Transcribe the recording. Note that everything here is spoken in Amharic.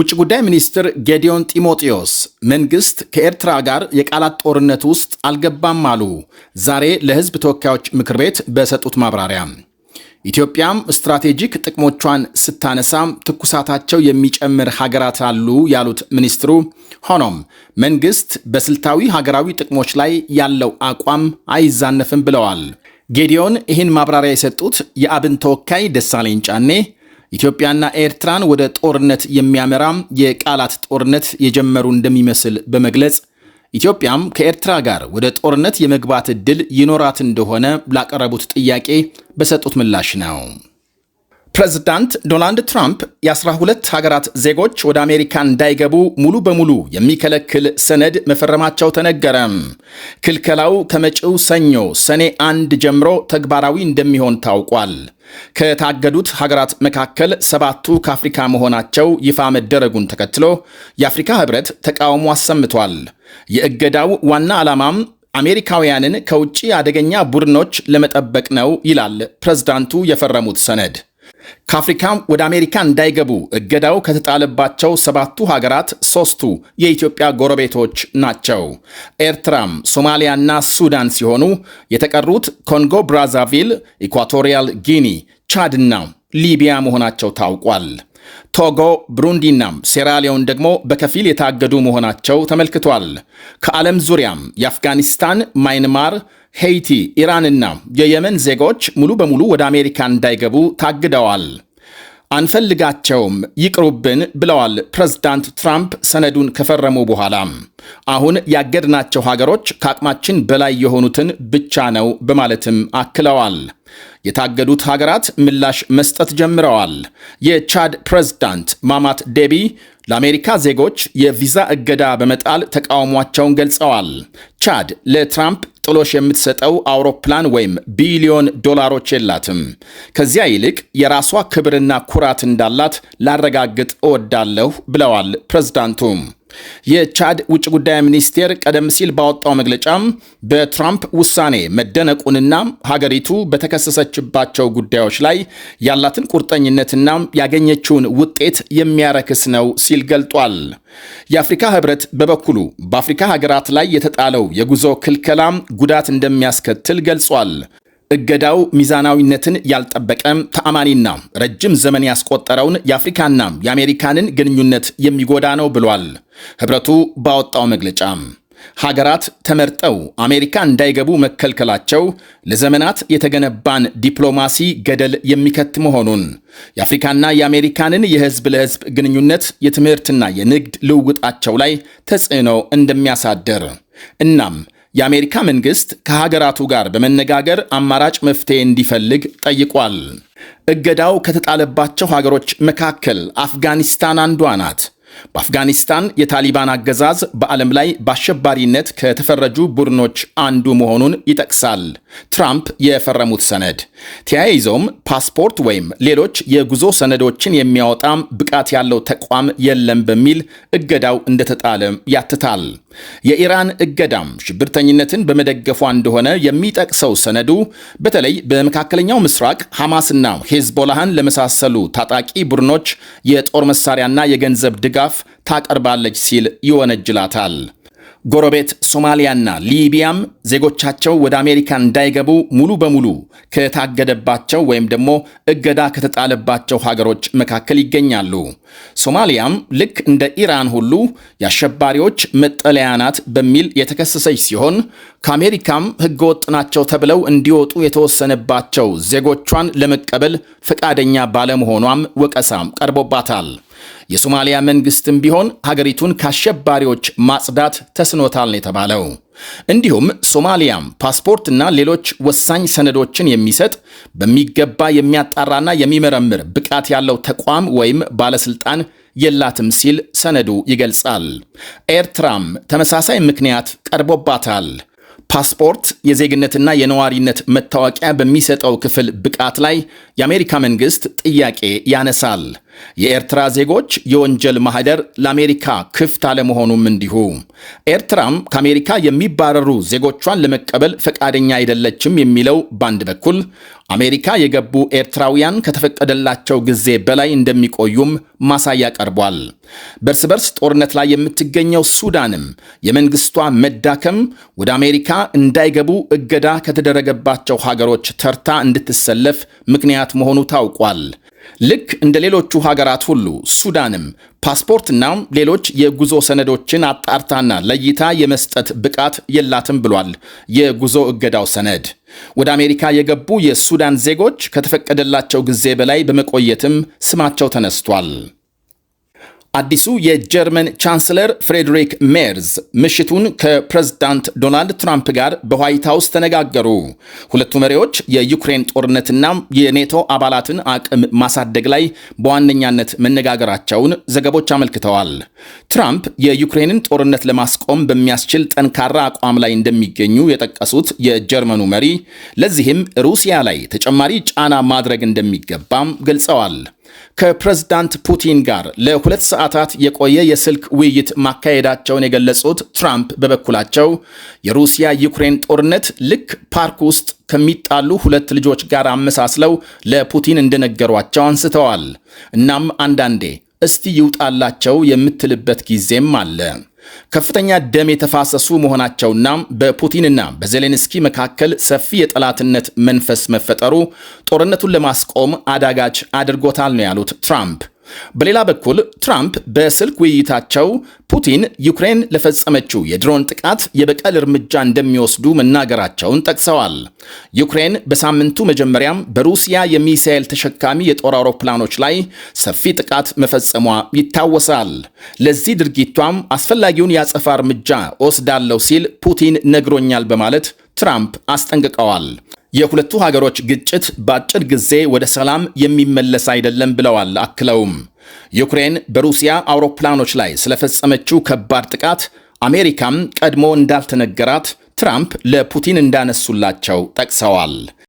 ውጭ ጉዳይ ሚኒስትር ጌዲዮን ጢሞቴዎስ መንግስት ከኤርትራ ጋር የቃላት ጦርነት ውስጥ አልገባም አሉ። ዛሬ ለሕዝብ ተወካዮች ምክር ቤት በሰጡት ማብራሪያ ኢትዮጵያም ስትራቴጂክ ጥቅሞቿን ስታነሳ ትኩሳታቸው የሚጨምር ሀገራት አሉ ያሉት ሚኒስትሩ፣ ሆኖም መንግስት በስልታዊ ሀገራዊ ጥቅሞች ላይ ያለው አቋም አይዛነፍም ብለዋል። ጌዲዮን ይህን ማብራሪያ የሰጡት የአብን ተወካይ ደሳለኝ ጫኔ ኢትዮጵያና ኤርትራን ወደ ጦርነት የሚያመራ የቃላት ጦርነት የጀመሩ እንደሚመስል በመግለጽ ኢትዮጵያም ከኤርትራ ጋር ወደ ጦርነት የመግባት ዕድል ይኖራት እንደሆነ ላቀረቡት ጥያቄ በሰጡት ምላሽ ነው። ፕሬዝዳንት ዶናልድ ትራምፕ የ12 ሀገራት ዜጎች ወደ አሜሪካ እንዳይገቡ ሙሉ በሙሉ የሚከለክል ሰነድ መፈረማቸው ተነገረም። ክልከላው ከመጪው ሰኞ ሰኔ አንድ ጀምሮ ተግባራዊ እንደሚሆን ታውቋል። ከታገዱት ሀገራት መካከል ሰባቱ ከአፍሪካ መሆናቸው ይፋ መደረጉን ተከትሎ የአፍሪካ ሕብረት ተቃውሞ አሰምቷል። የእገዳው ዋና ዓላማም አሜሪካውያንን ከውጭ አደገኛ ቡድኖች ለመጠበቅ ነው ይላል ፕሬዝዳንቱ የፈረሙት ሰነድ። ከአፍሪካ ወደ አሜሪካ እንዳይገቡ እገዳው ከተጣለባቸው ሰባቱ ሀገራት ሶስቱ የኢትዮጵያ ጎረቤቶች ናቸው። ኤርትራም፣ ሶማሊያና ሱዳን ሲሆኑ የተቀሩት ኮንጎ ብራዛቪል፣ ኢኳቶሪያል ጊኒ፣ ቻድና ሊቢያ መሆናቸው ታውቋል። ቶጎ፣ ብሩንዲናም ሴራሊዮን ደግሞ በከፊል የታገዱ መሆናቸው ተመልክቷል። ከዓለም ዙሪያም የአፍጋኒስታን፣ ማይንማር፣ ሄይቲ፣ ኢራንና የየመን ዜጎች ሙሉ በሙሉ ወደ አሜሪካ እንዳይገቡ ታግደዋል። አንፈልጋቸውም ይቅሩብን ብለዋል ፕሬዝዳንት ትራምፕ ሰነዱን ከፈረሙ በኋላ። አሁን ያገድናቸው ሀገሮች ከአቅማችን በላይ የሆኑትን ብቻ ነው በማለትም አክለዋል። የታገዱት ሀገራት ምላሽ መስጠት ጀምረዋል። የቻድ ፕሬዝዳንት ማማት ዴቢ ለአሜሪካ ዜጎች የቪዛ እገዳ በመጣል ተቃውሟቸውን ገልጸዋል። ቻድ ለትራምፕ ጥሎሽ የምትሰጠው አውሮፕላን ወይም ቢሊዮን ዶላሮች የላትም። ከዚያ ይልቅ የራሷ ክብርና ኩራት እንዳላት ላረጋግጥ እወዳለሁ ብለዋል ፕሬዝዳንቱ። የቻድ ውጭ ጉዳይ ሚኒስቴር ቀደም ሲል ባወጣው መግለጫ በትራምፕ ውሳኔ መደነቁንና ሀገሪቱ በተከሰሰችባቸው ጉዳዮች ላይ ያላትን ቁርጠኝነትና ያገኘችውን ውጤት የሚያረክስ ነው ሲል ገልጧል። የአፍሪካ ህብረት በበኩሉ በአፍሪካ ሀገራት ላይ የተጣለው የጉዞ ክልከላም ጉዳት እንደሚያስከትል ገልጿል። እገዳው ሚዛናዊነትን ያልጠበቀ ተአማኒና ረጅም ዘመን ያስቆጠረውን የአፍሪካና የአሜሪካንን ግንኙነት የሚጎዳ ነው ብሏል ህብረቱ ባወጣው መግለጫ። ሀገራት ተመርጠው አሜሪካ እንዳይገቡ መከልከላቸው ለዘመናት የተገነባን ዲፕሎማሲ ገደል የሚከት መሆኑን የአፍሪካና የአሜሪካንን የህዝብ ለህዝብ ግንኙነት የትምህርትና የንግድ ልውውጣቸው ላይ ተጽዕኖ እንደሚያሳድር እናም የአሜሪካ መንግስት ከሀገራቱ ጋር በመነጋገር አማራጭ መፍትሄ እንዲፈልግ ጠይቋል። እገዳው ከተጣለባቸው ሀገሮች መካከል አፍጋኒስታን አንዷ ናት። በአፍጋኒስታን የታሊባን አገዛዝ በዓለም ላይ በአሸባሪነት ከተፈረጁ ቡድኖች አንዱ መሆኑን ይጠቅሳል። ትራምፕ የፈረሙት ሰነድ ተያይዘውም ፓስፖርት ወይም ሌሎች የጉዞ ሰነዶችን የሚያወጣም ብቃት ያለው ተቋም የለም በሚል እገዳው እንደተጣለ ያትታል። የኢራን እገዳም ሽብርተኝነትን በመደገፏ እንደሆነ የሚጠቅሰው ሰነዱ በተለይ በመካከለኛው ምስራቅ ሐማስና ሄዝቦላህን ለመሳሰሉ ታጣቂ ቡድኖች የጦር መሳሪያና የገንዘብ ድጋፍ ታቀርባለች ሲል ይወነጅላታል። ጎረቤት ሶማሊያና ሊቢያም ዜጎቻቸው ወደ አሜሪካ እንዳይገቡ ሙሉ በሙሉ ከታገደባቸው ወይም ደግሞ እገዳ ከተጣለባቸው ሀገሮች መካከል ይገኛሉ። ሶማሊያም ልክ እንደ ኢራን ሁሉ የአሸባሪዎች መጠለያ ናት በሚል የተከሰሰች ሲሆን ከአሜሪካም ሕገወጥ ናቸው ተብለው እንዲወጡ የተወሰነባቸው ዜጎቿን ለመቀበል ፈቃደኛ ባለመሆኗም ወቀሳም ቀርቦባታል። የሶማሊያ መንግስትም ቢሆን ሀገሪቱን ከአሸባሪዎች ማጽዳት ተስኖታል የተባለው። እንዲሁም ሶማሊያም ፓስፖርትና ሌሎች ወሳኝ ሰነዶችን የሚሰጥ በሚገባ የሚያጣራና የሚመረምር ብቃት ያለው ተቋም ወይም ባለስልጣን የላትም ሲል ሰነዱ ይገልጻል። ኤርትራም ተመሳሳይ ምክንያት ቀርቦባታል። ፓስፖርት የዜግነትና የነዋሪነት መታወቂያ በሚሰጠው ክፍል ብቃት ላይ የአሜሪካ መንግስት ጥያቄ ያነሳል። የኤርትራ ዜጎች የወንጀል ማህደር ለአሜሪካ ክፍት አለመሆኑም እንዲሁ። ኤርትራም ከአሜሪካ የሚባረሩ ዜጎቿን ለመቀበል ፈቃደኛ አይደለችም የሚለው በአንድ በኩል፣ አሜሪካ የገቡ ኤርትራውያን ከተፈቀደላቸው ጊዜ በላይ እንደሚቆዩም ማሳያ ቀርቧል። በርስ በርስ ጦርነት ላይ የምትገኘው ሱዳንም የመንግስቷ መዳከም ወደ አሜሪካ እንዳይገቡ እገዳ ከተደረገባቸው ሀገሮች ተርታ እንድትሰለፍ ምክንያት መሆኑ ታውቋል። ልክ እንደ ሌሎቹ ሀገራት ሁሉ ሱዳንም ፓስፖርትና ሌሎች የጉዞ ሰነዶችን አጣርታና ለይታ የመስጠት ብቃት የላትም ብሏል የጉዞ እገዳው ሰነድ። ወደ አሜሪካ የገቡ የሱዳን ዜጎች ከተፈቀደላቸው ጊዜ በላይ በመቆየትም ስማቸው ተነስቷል። አዲሱ የጀርመን ቻንስለር ፍሬድሪክ ሜርዝ ምሽቱን ከፕሬዝዳንት ዶናልድ ትራምፕ ጋር በዋይት ሀውስ ተነጋገሩ። ሁለቱ መሪዎች የዩክሬን ጦርነትና የኔቶ አባላትን አቅም ማሳደግ ላይ በዋነኛነት መነጋገራቸውን ዘገቦች አመልክተዋል። ትራምፕ የዩክሬንን ጦርነት ለማስቆም በሚያስችል ጠንካራ አቋም ላይ እንደሚገኙ የጠቀሱት የጀርመኑ መሪ ለዚህም ሩሲያ ላይ ተጨማሪ ጫና ማድረግ እንደሚገባም ገልጸዋል። ከፕሬዝዳንት ፑቲን ጋር ለሁለት ሰዓታት የቆየ የስልክ ውይይት ማካሄዳቸውን የገለጹት ትራምፕ በበኩላቸው የሩሲያ ዩክሬን ጦርነት ልክ ፓርክ ውስጥ ከሚጣሉ ሁለት ልጆች ጋር አመሳስለው ለፑቲን እንደነገሯቸው አንስተዋል። እናም አንዳንዴ እስቲ ይውጣላቸው የምትልበት ጊዜም አለ። ከፍተኛ ደም የተፋሰሱ መሆናቸውና በፑቲንና በዜሌንስኪ መካከል ሰፊ የጠላትነት መንፈስ መፈጠሩ ጦርነቱን ለማስቆም አዳጋች አድርጎታል ነው ያሉት ትራምፕ። በሌላ በኩል ትራምፕ በስልክ ውይይታቸው ፑቲን ዩክሬን ለፈጸመችው የድሮን ጥቃት የበቀል እርምጃ እንደሚወስዱ መናገራቸውን ጠቅሰዋል። ዩክሬን በሳምንቱ መጀመሪያም በሩሲያ የሚሳኤል ተሸካሚ የጦር አውሮፕላኖች ላይ ሰፊ ጥቃት መፈጸሟ ይታወሳል። ለዚህ ድርጊቷም አስፈላጊውን የአጸፋ እርምጃ ወስዳለሁ ሲል ፑቲን ነግሮኛል በማለት ትራምፕ አስጠንቅቀዋል። የሁለቱ ሀገሮች ግጭት በአጭር ጊዜ ወደ ሰላም የሚመለስ አይደለም ብለዋል። አክለውም ዩክሬን በሩሲያ አውሮፕላኖች ላይ ስለፈጸመችው ከባድ ጥቃት አሜሪካም ቀድሞ እንዳልተነገራት ትራምፕ ለፑቲን እንዳነሱላቸው ጠቅሰዋል።